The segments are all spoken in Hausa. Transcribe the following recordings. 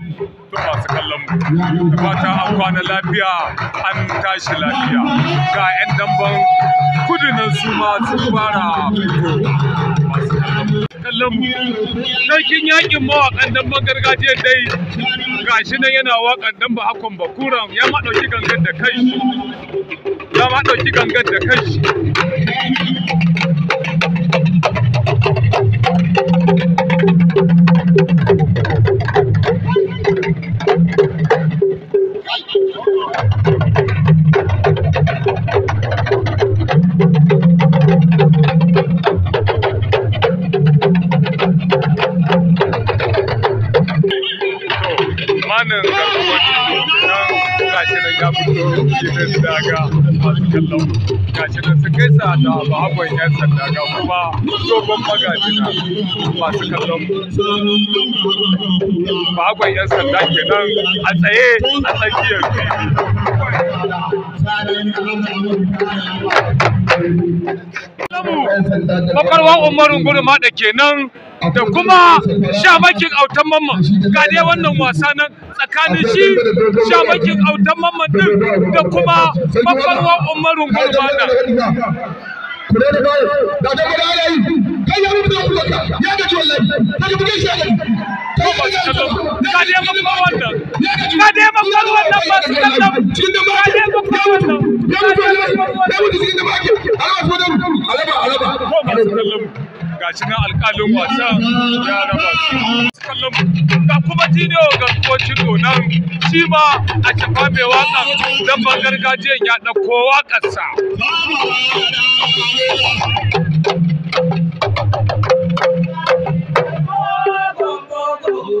Duk masu kallon mu fata an kwana lafiya an tashi lafiya ga 'yan damban kudu nan su ma sun fara kallon mu sarkin yakin mawakan damban gargajiyar dai gashi nan yana wakan damba hakon bakuran ya ma ɗauki gangan da kai ya ma ɗauki gangan da kai ya fito filin daga masu kallon gashi nan sun da bahagon yan sanda ga kuma dogon magaji masu kallon yan sanda kenan a tsaye a tsakiyar fili Bakarwa Umaru Gurma da kenan da kuma shamakin autan mamman ga dai wannan wasa nan tsakanin shi shamakin autan mamman din da kuma bakarwa Umaru Gurma da. kai ga wasa kallon kuma ga shi ma a tafa mai waka dan gargajiyan ya ɗauko Thank you.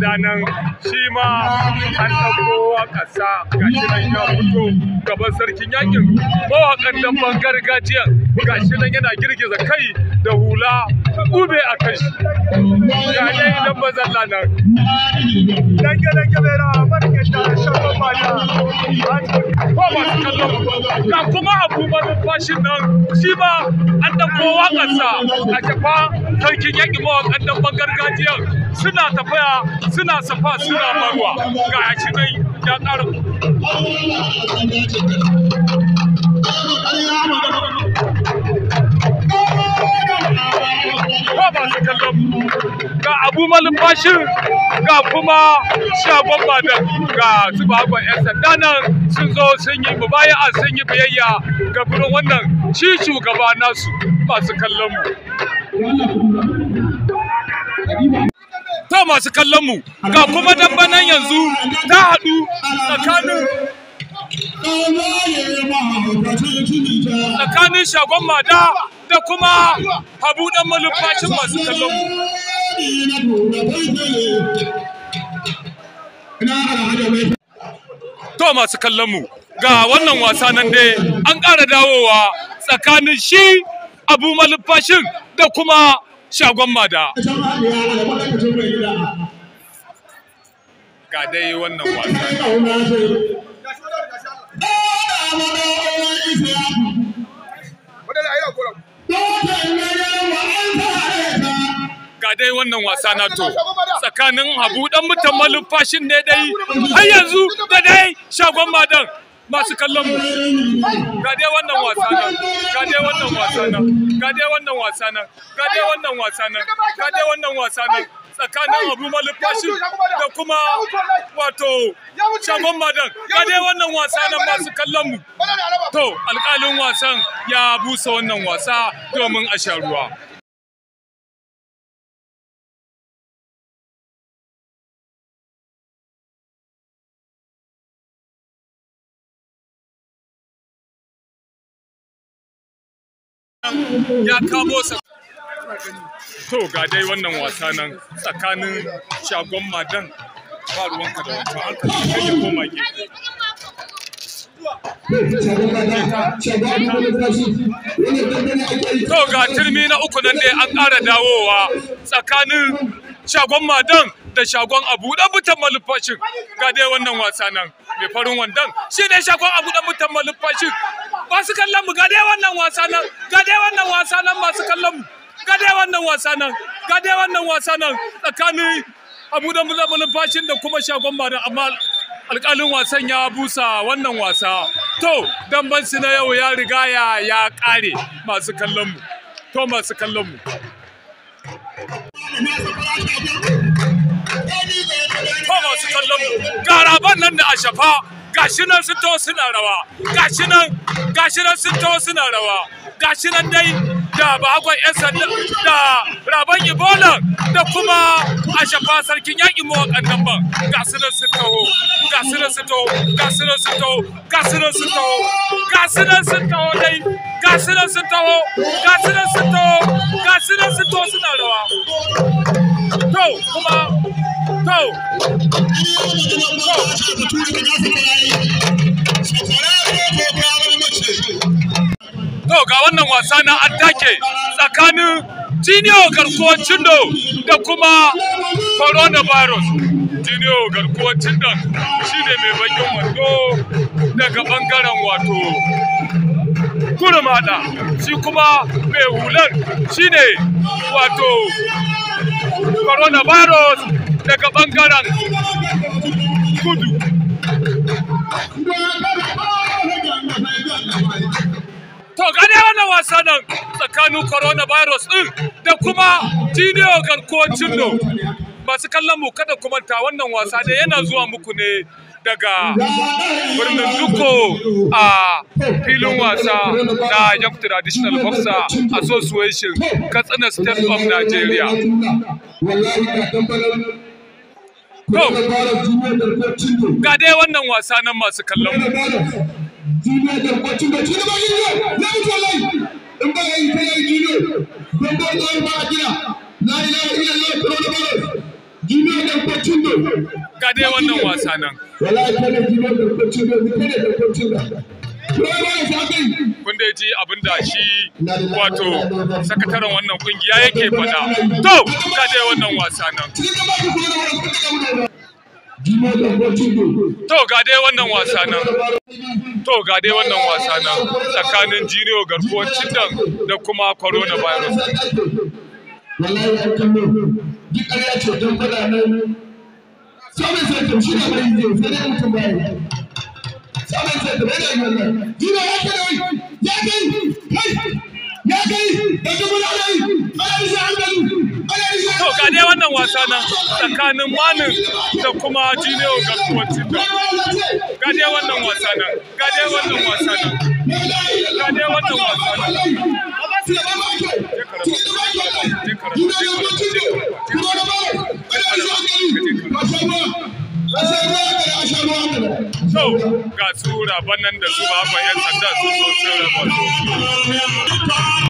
ladanan shi ma an ɗauko ƙasa ga shi nan ya fito gaban sarkin yakin mawaƙan damban gargajiya ga shi nan yana girgiza kai da hula ube a kai ya ne nan mazalla nan dange gabe na barke da shafan maya ba masu kallon ga kuma fashin nan shi ba an ɗauko waƙarsa a tafa sarkin yakin mawaƙan damban gargajiya suna tafiya suna safa suna faruwa ga yaci dai ya tsara ko ba su ga abu malin ga kuma shagon bada ga zuba agwa yan sanda nan sun zo sun yi a sun yi biyayya ga gurin wannan ci shugaba nasu masu kallon mu ta masu kallon mu ga kuma dabba nan yanzu ta haɗu tsakanin tsakanin shagon mada da kuma habu dan malumfashin masu kallon mu to masu kallon mu ga wannan wasa nan dai an ƙara dawowa tsakanin shi abu malumfashin da kuma shagon mada ga dai wannan wasa ga dai wannan wasa na to tsakanin habu dan mutan malufashin ne dai har yanzu da dai shagon madan masu kallon mu ga dai wannan wasa na ga dai wannan wasa na ga dai wannan wasa na ga dai wannan wasa na ga dai wannan wasa na tsakanin abu malufashi da kuma wato shagon madan dai wannan wasa na masu kallon mu to alkalin wasan ya busa wannan wasa domin a sha ruwa ya kamo sa to ga dai wannan wasa nan tsakanin shagon madan ba ruwanka da wata an kalli kai ya koma ke To ga turmi na uku nan dai an ƙara dawowa tsakanin shagon madan da shagon abu dan mutan malufashin ga dai wannan wasa nan mai farin wandan shi ne shagon abu dan mutan malufashin ba su kallon mu ga dai wannan wasa nan ga dai wannan wasa nan masu kallon mu ga dai wannan wasa nan ga dai wannan wasa nan tsakanin abu da mulabulin fashin da kuma shagon ba amma alƙalin wasan ya busa wannan wasa to damban su na yau ya riga ya ya ƙare masu kallon mu to masu kallon mu to masu kallon mu garaban nan da ashafa gashi nan sun to suna rawa gashi nan gashi nan sun to suna rawa gashi nan dai da bakon 'yan sanda da raban ibola da kuma a shafa sarkin yaƙi mawaƙan nan ba ga su nan su taho ga su nan su taho ga su nan su taho ga su nan su taho ga su nan su taho dai ga su nan su taho ga su nan su taho ga su nan su taho suna rawa to kuma to to ga wannan wasa na attake tsakanin Jiniyo garkuwar cindo da kuma coronavirus. Jiniyo garkuwar cindo shi ne mai bakin wando daga bangaren wato kurmada shi kuma mai hular shi ne wato coronavirus daga bangaren kudu. to gane wannan wasa nan tsakanin coronavirus ɗin da kuma jiniyo garkuwancin nan. masu kallon mu kada ku ta wannan wasa da yana zuwa muku ne daga birnin duko a filin wasa na yam traditional boxer association katsina state of nigeria ga dai wannan wasa nan masu kallon mu junior da kwacin da cikin ba junior na wuce lai in ba yayi kai yayi junior don ba da ba kira la ilaha illallah coronavirus junior da kwacin da Ka dai wannan wasa nan wallahi kana junior da kwacin da kana da kwacin da Kun dai ji abin da shi wato sakataren wannan kungiya yake faɗa. To, ka dai wannan wasa nan. To ga dai wannan wasa nan. To ga dai wannan wasa nan tsakanin Jiniyo garkuwar Cindan da kuma virus. Wallahi ya kallo duk ƙarya ce don faɗa nan. Samun sai ta bai da yi Jiniyo ya kai da ya ya kai da kuma da wannan wasa nan tsakanin manin da kuma jiniyo ga kuwancin da gade wannan wasa nan gade wannan wasa nan gade wannan wasa nan So ga su rabanan da su ba 'yan sanda su so sun raba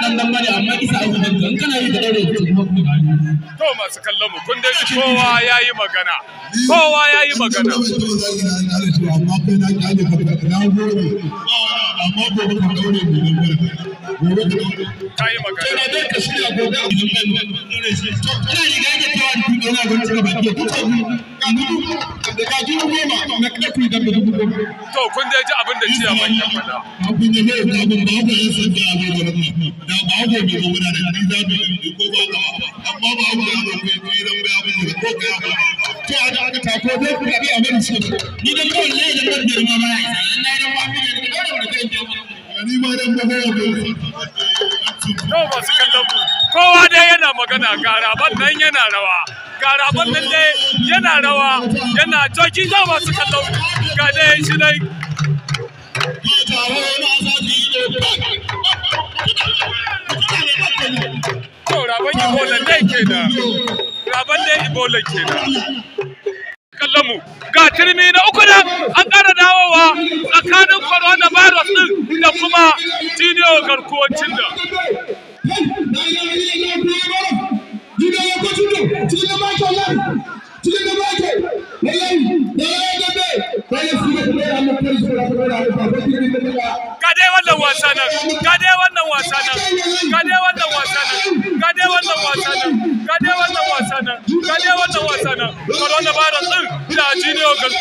dan dan bane amma isa abu dan dan kana yi da daure ta kuma kuma to masu kallon mu kun dai kowa yayi magana kowa yayi magana amma kai na kyale ka na gode amma gobe ka daure mu dan bane ta yi magana to da ka shirya gobe a gidan ina kada ku da dubu goma to kun dai ji abin da ciya ban ya fada abin da ne da abin da ba ya san da abin da da ba ko mai gobe da ni za mu ko ba ka amma ba ku da ku yi ba abin da ko ka to a da ta ko dai ku da bi abin da ni da kawai ne da ban da ma ba na da ba kowa dai yana magana garaban nan yana rawa garaban nan dai yana rawa yana coki za masu kallon ga dai shi dai to raban ibola dai kenan raban dai ibola kenan kallon mu ga turmi na uku da an ƙara dawowa tsakanin corona virus din da kuma tiniyo garkuwancin da Ga dai wannan wasa nan, ga dai wannan wasa nan, ga dai wannan wasa nan.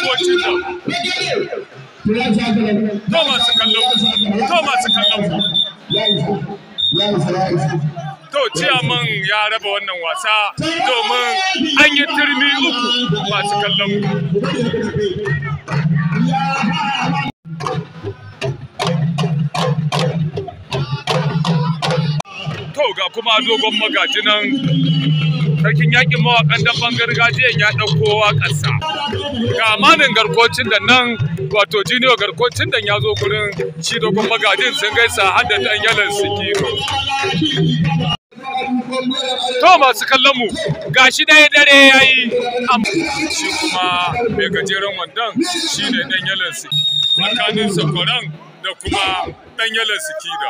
motocin nan to masu kallon to masu kallon to ciyaman ya raba wannan wasa domin an yi turmi uku masu kallon to ga kuma dogon magaji nan sarkin yakin mawakan bangar gargajiyan ya ɗauko waƙarsa. ga amanin garkocin da nan wato jiniyo garkocin da ya zo gurin shi kuma gadin sun gaisa har da dan yalan sikiro to masu kallon mu gashi dai dare yayi shi kuma mai gajeren wandon ne dan yalan sikiro tsakanin sakwaran da kuma dan yalan sikida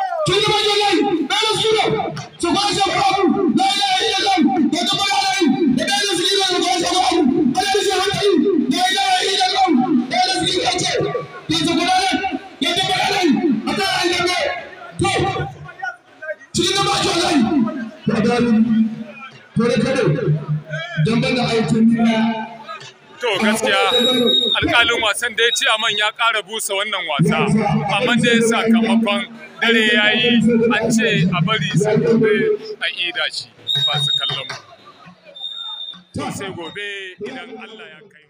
To gaskiya alkalin wasan da ya ce aman ya ƙara busa wannan wasa, amma dai sakamakon dare ya yi an ce a bari sai gobe a ida shi ba su kallon mu. To sai gobe idan Allah ya kai.